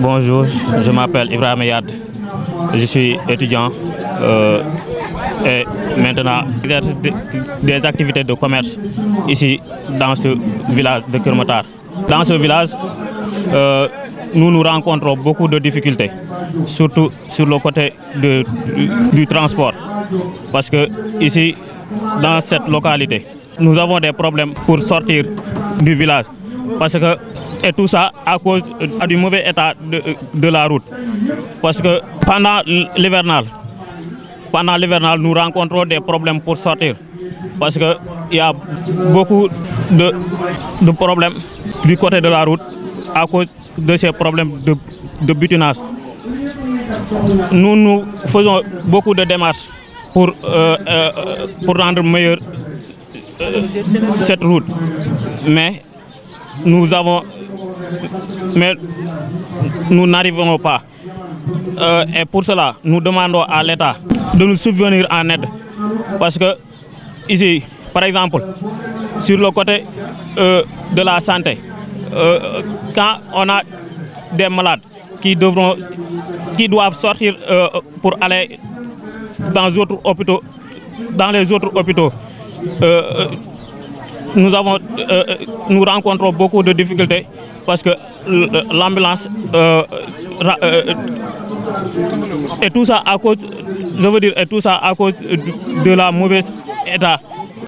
Bonjour, je m'appelle Ibrahim Yad, je suis étudiant euh, et maintenant des activités de commerce ici dans ce village de Kermotar. Dans ce village, euh, nous nous rencontrons beaucoup de difficultés, surtout sur le côté du, du, transport. Parce que ici, dans cette localité, nous avons des problèmes pour sortir du village. Parce que et tout ça à cause euh, du mauvais état euh, de, la route. Parce que pendant l'hivernal, pendant l'hivernal, nous rencontrons des problèmes pour sortir. Parce qu'il y a beaucoup de, problèmes du côté de la route à cause de ces problèmes de, de butinage. Nous, nous faisons beaucoup de démarches pour, euh, pour rendre meilleure cette route. Mais nous avons mais nous n'arriverons pas. Euh, et pour cela, nous demandons à l'État de nous subvenir en aide. Parce que ici, par exemple, sur le côté euh, de la santé, euh, quand on a des malades qui, devront, qui doivent sortir pour aller dans, dans les autres hôpitaux, nous, avons, nous rencontrons beaucoup de difficultés parce que l'ambulance euh, euh, et tout ça à cause je veux dire et tout ça à cause de la mauvaise état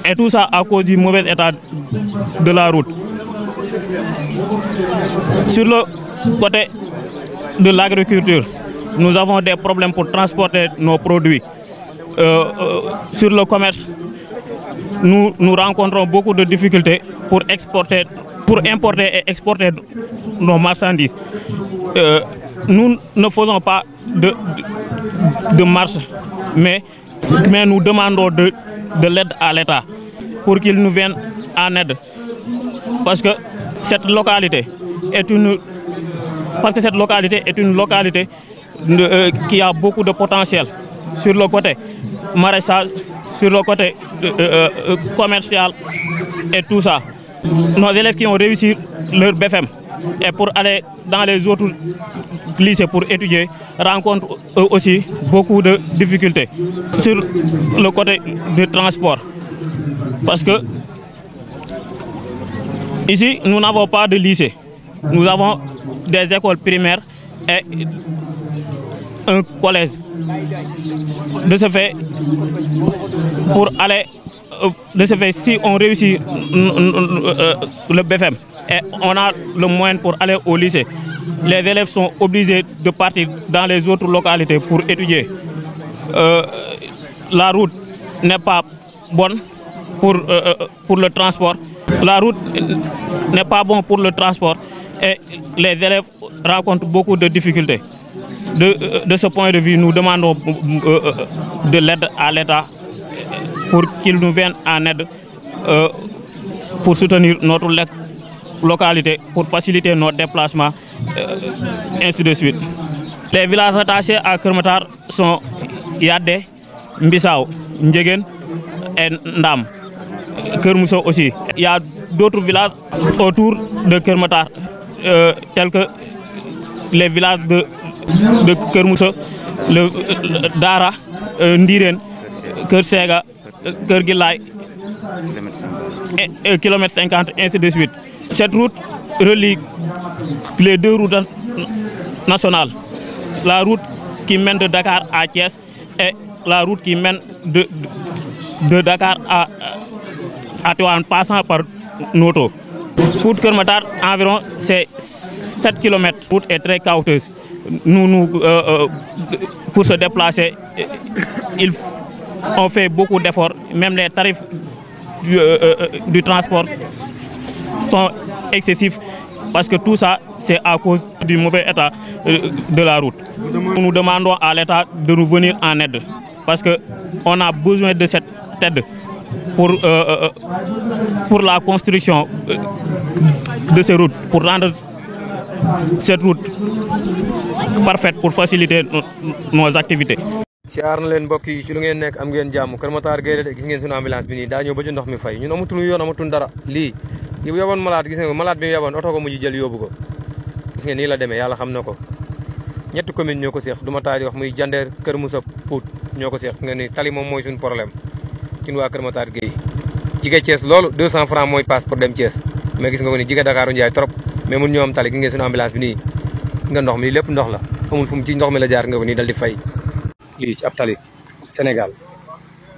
et tout ça à cause du mauvais état de la route sur le côté de l'agriculture nous avons des problèmes pour transporter nos produits euh, sur le commerce nous nous rencontrons beaucoup de difficultés pour exporter pour importer et exporter nos marchandises. Euh, nous ne faisons pas de, marche, mais, mais nous demandons de, l'aide à l'État pour qu'il nous vienne en aide. Parce que cette localité est une, parce que cette localité est une localité euh, qui a beaucoup de potentiel sur le côté maraîchage, sur le côté euh, commercial et tout ça nos élèves qui ont réussi leur BFM et pour aller dans les autres lycées pour étudier rencontrent eux aussi beaucoup de difficultés sur le côté du transport. Parce que ici, nous n'avons pas de lycée. Nous avons des écoles primaires et un collège. De ce fait, pour aller euh, de ce fait, si on réussit euh, euh, le BFM et on a le moyen pour aller au lycée, les élèves sont obligés de partir dans les autres localités pour étudier. la route n'est pas bonne pour, pour le transport. La route n'est pas bonne pour le transport et les élèves rencontrent beaucoup de difficultés. De, de ce point de vue, nous demandons de l'aide à l'État pour qu'ils nous viennent en aide euh, pour soutenir notre localité, pour faciliter nos déplacements, euh, ainsi de suite. Les villages attachés à Kermatar sont Yadé, Mbissau, Ndjegen et Ndam. Kermousso aussi. Il y a d'autres villages autour de Kermatar, euh, tels que les villages de, de Kermousso, le, Dara, Ndiren, Kersega, Kër km eh, eh, kilomètre 50, ainsi de suite cette route relie les deux routes nationales la route qui mène de Dakar à Thiès et la route qui mène de de Dakar à à passant par Noto pour Keur environ c'est 7 km. route est très cauteuse. nous nous euh, euh, pour se déplacer il faut on fait beaucoup d'efforts. Même les tarifs euh, euh, euh, du, transport sont excessifs parce que tout ça, c'est à cause du mauvais état de la route. Nous demandons à l'État de nous venir en aide parce qu'on a besoin de cette aide pour, la construction de ces routes, pour rendre cette route parfaite pour faciliter nos activités. siyaar na len bokki ci lu ngeen nek am ngeen jamm Kër motar Gueye de gis ngeen sunu ambulance bi ni da ñoo ba ndox mi fay ñun amatuñu yoon amatuñu dara lii yi bu yoboon malade gis ngeen malade bi yoboon auto ko ji jël yobu ko gis ngeen ni la demee yalla xam na ko commune ñoko ko duma du wax muy jander Kër musa Pout ñoko ko ngeen ni tali mom moy suñu problème cin waa Kër geey ci ga ties loolu 200 francs moy passe pour dem ties mais gis nga ko ni jige Dakar u trop mais mu ñoom tali gis ngeen sunu ambulance bi ni nga ndox mi lepp ndox la amul fu mu ci ndox mi la jaar nga ko ni dal di fay lii ci ab tali senegal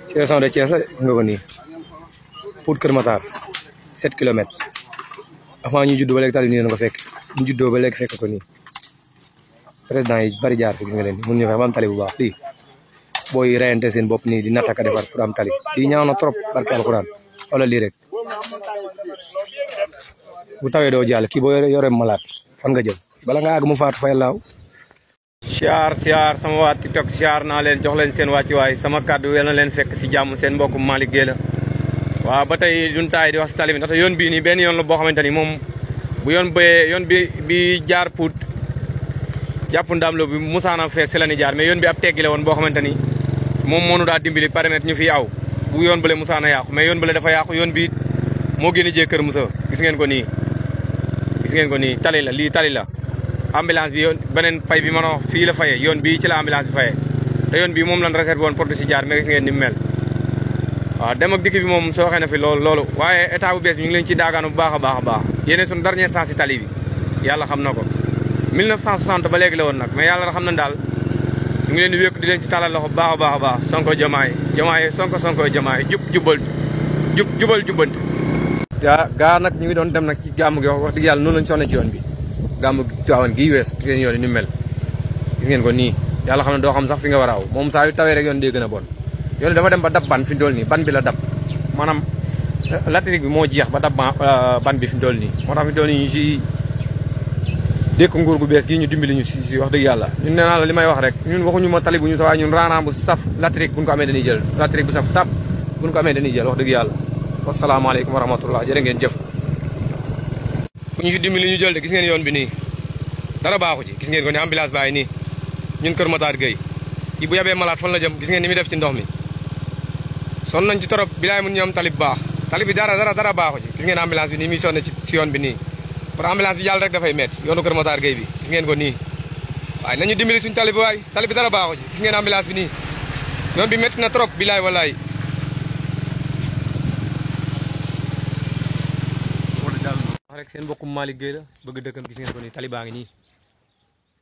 ci région de Thiès sa nga ko pour Kër Matar set kilomètres avant ñu juddoo ba léegi tali nii dañ ko fekk ñu juddoo ba léegi fekk ko nii président yi bari jaar mun ñu fexe ba am tali bu baax lii booy reyante seen bopp nii di nattaka defar pour am tali lii ñaaw na trop barke alxuraan wala lii rek bu tawee doo jàll kii boo fan nga bala nga àgg mu Siar siar sama tiktok siar na len jox sen wati way sama kaddu yal len fek ci si sen mbok malik gel. wa batay waaw ba di wax si bi ndax yon lo ni ben yon lo bo xamanteni mom bu yon be yon bi bi jaar put, japp ndam lo bi musa na fe selani ni jaar mais yon bi ab teggile won bo xamanteni mom monu da dimbali permettre ñu fi aw bu yon musa na yàqu mais yon bele dafa yàqu yon bi mo gene je keur Musa gis ngeen ko ni gis ngeen ko ni tali la talila ambulance bi yon benen fay bi mënoo fi la fayé yon bi ci la ambulance bi fayé té yon bi mom lañ réservé won porte ci jaar mais gis ngeen ni mel wa dem ak dikk bi mom so waxé na fi loolu loolu wayé état bu bëss ñu ngi leen ci daagaanu bu baaxa baaxa baax yene sun dernier sens ci tali bi yalla xam nako 1960 ba légui la won nak mais yàlla xam nañ dal ñu ngi leen di wékk di leen ci talal loxo baax baaxa baax baax sonko jamaay jamaay sonko sonko jamaay jup jubal jup jubal jubanti gaa gaa nag ñu ngi doon dem nak ci gamu gi wax wax dëgg yalla non lañ sonne ci yoon bi Gamu Tiwaawan gi wees seen yoni ni mel gis ngeen ko ni yalla xamna do xam sax fi nga waraw mom sa yu tawé rek yon dee bon yoni dafa dem ba dab ban fi dol ni ban bi la dab manam euh, latrik bi mo jeex ba dab ban euh, bi fi dol ni mo moo tax fi mu toll nii si nguur gu bes gi ñu dimbali ñu ci wax deug yalla ñu neena la limay wax rek ñun ñu ma talibu ñu sa ñun raanaan bu saf latrik buñ ko amé dañuy jël latrik bu saf sap buñ ko amé dañuy jël wax deug yalla wasalaamaaleykum alaykum warahmatullahi jërë ñi ngi dimbali ñu jël de gis ngeen yoon bi ni dara baaxu ci gis ngeen ko ni ambulance baay ni ñun Kër Matar geey yi bu yabee malade fan la jëm gis ngeen ni mi def ci ndox mi son nañ ci torop bilay mun ñom talib baax talib bi dara dara dara baaxu ci gis ngeen ambulance bi ni mi sonne ci ci yoon bi ni par ambulance bi yalla rek fay metti yoonu Kër Matar geey bi gis ngeen ko ni way nañu dimbali suñu talib bi talib bi dara baaxu ci gis ngeen ambulance bi ni ñom bi metti na trop bilay wallahi seen mbokkum Malick Gueye la bëgg dëkkam gis ngeen ko nii tali baa ngi nii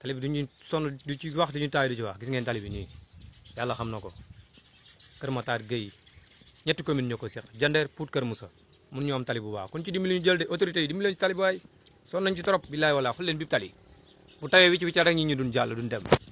tali bi ñu sonn du ci wax duñu taay du ci wax gis ngeen tali bi nii yàlla xam na ko Kër Matar Gueye ñetti commune ñoo ko seq Jandeer Pout Kër Moussa mun ñoo am tali bu baax kon ci dimbali ñu jël de autorités yi dimbali leen ci tali bu waay sonn nañ ci trop billaay wala xol leen bib tali bu tawee wicc wiccal rek ñi ñu dun jàll duñ dem